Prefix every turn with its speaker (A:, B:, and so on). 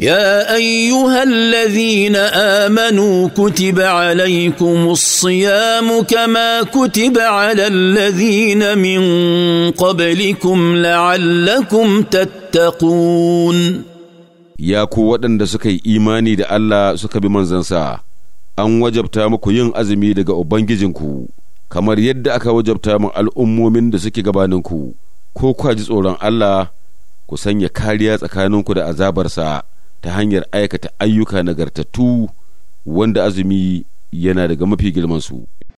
A: يا ايها الذين امنوا كتب عليكم الصيام كما كتب على الذين من قبلكم لعلكم تتقون
B: ya ko waɗanda suka yi imani da Allah suka bi manzansa an wajabta muku yin azumi daga ubangijinku kamar yadda aka wajabta min al'ummomin da suke gabaninku ko kwa tsoron Allah ku sanya kariya tsakaninku da azabarsa ta hanyar aikata ayyuka nagartattu wanda azumi yana daga
C: mafi su.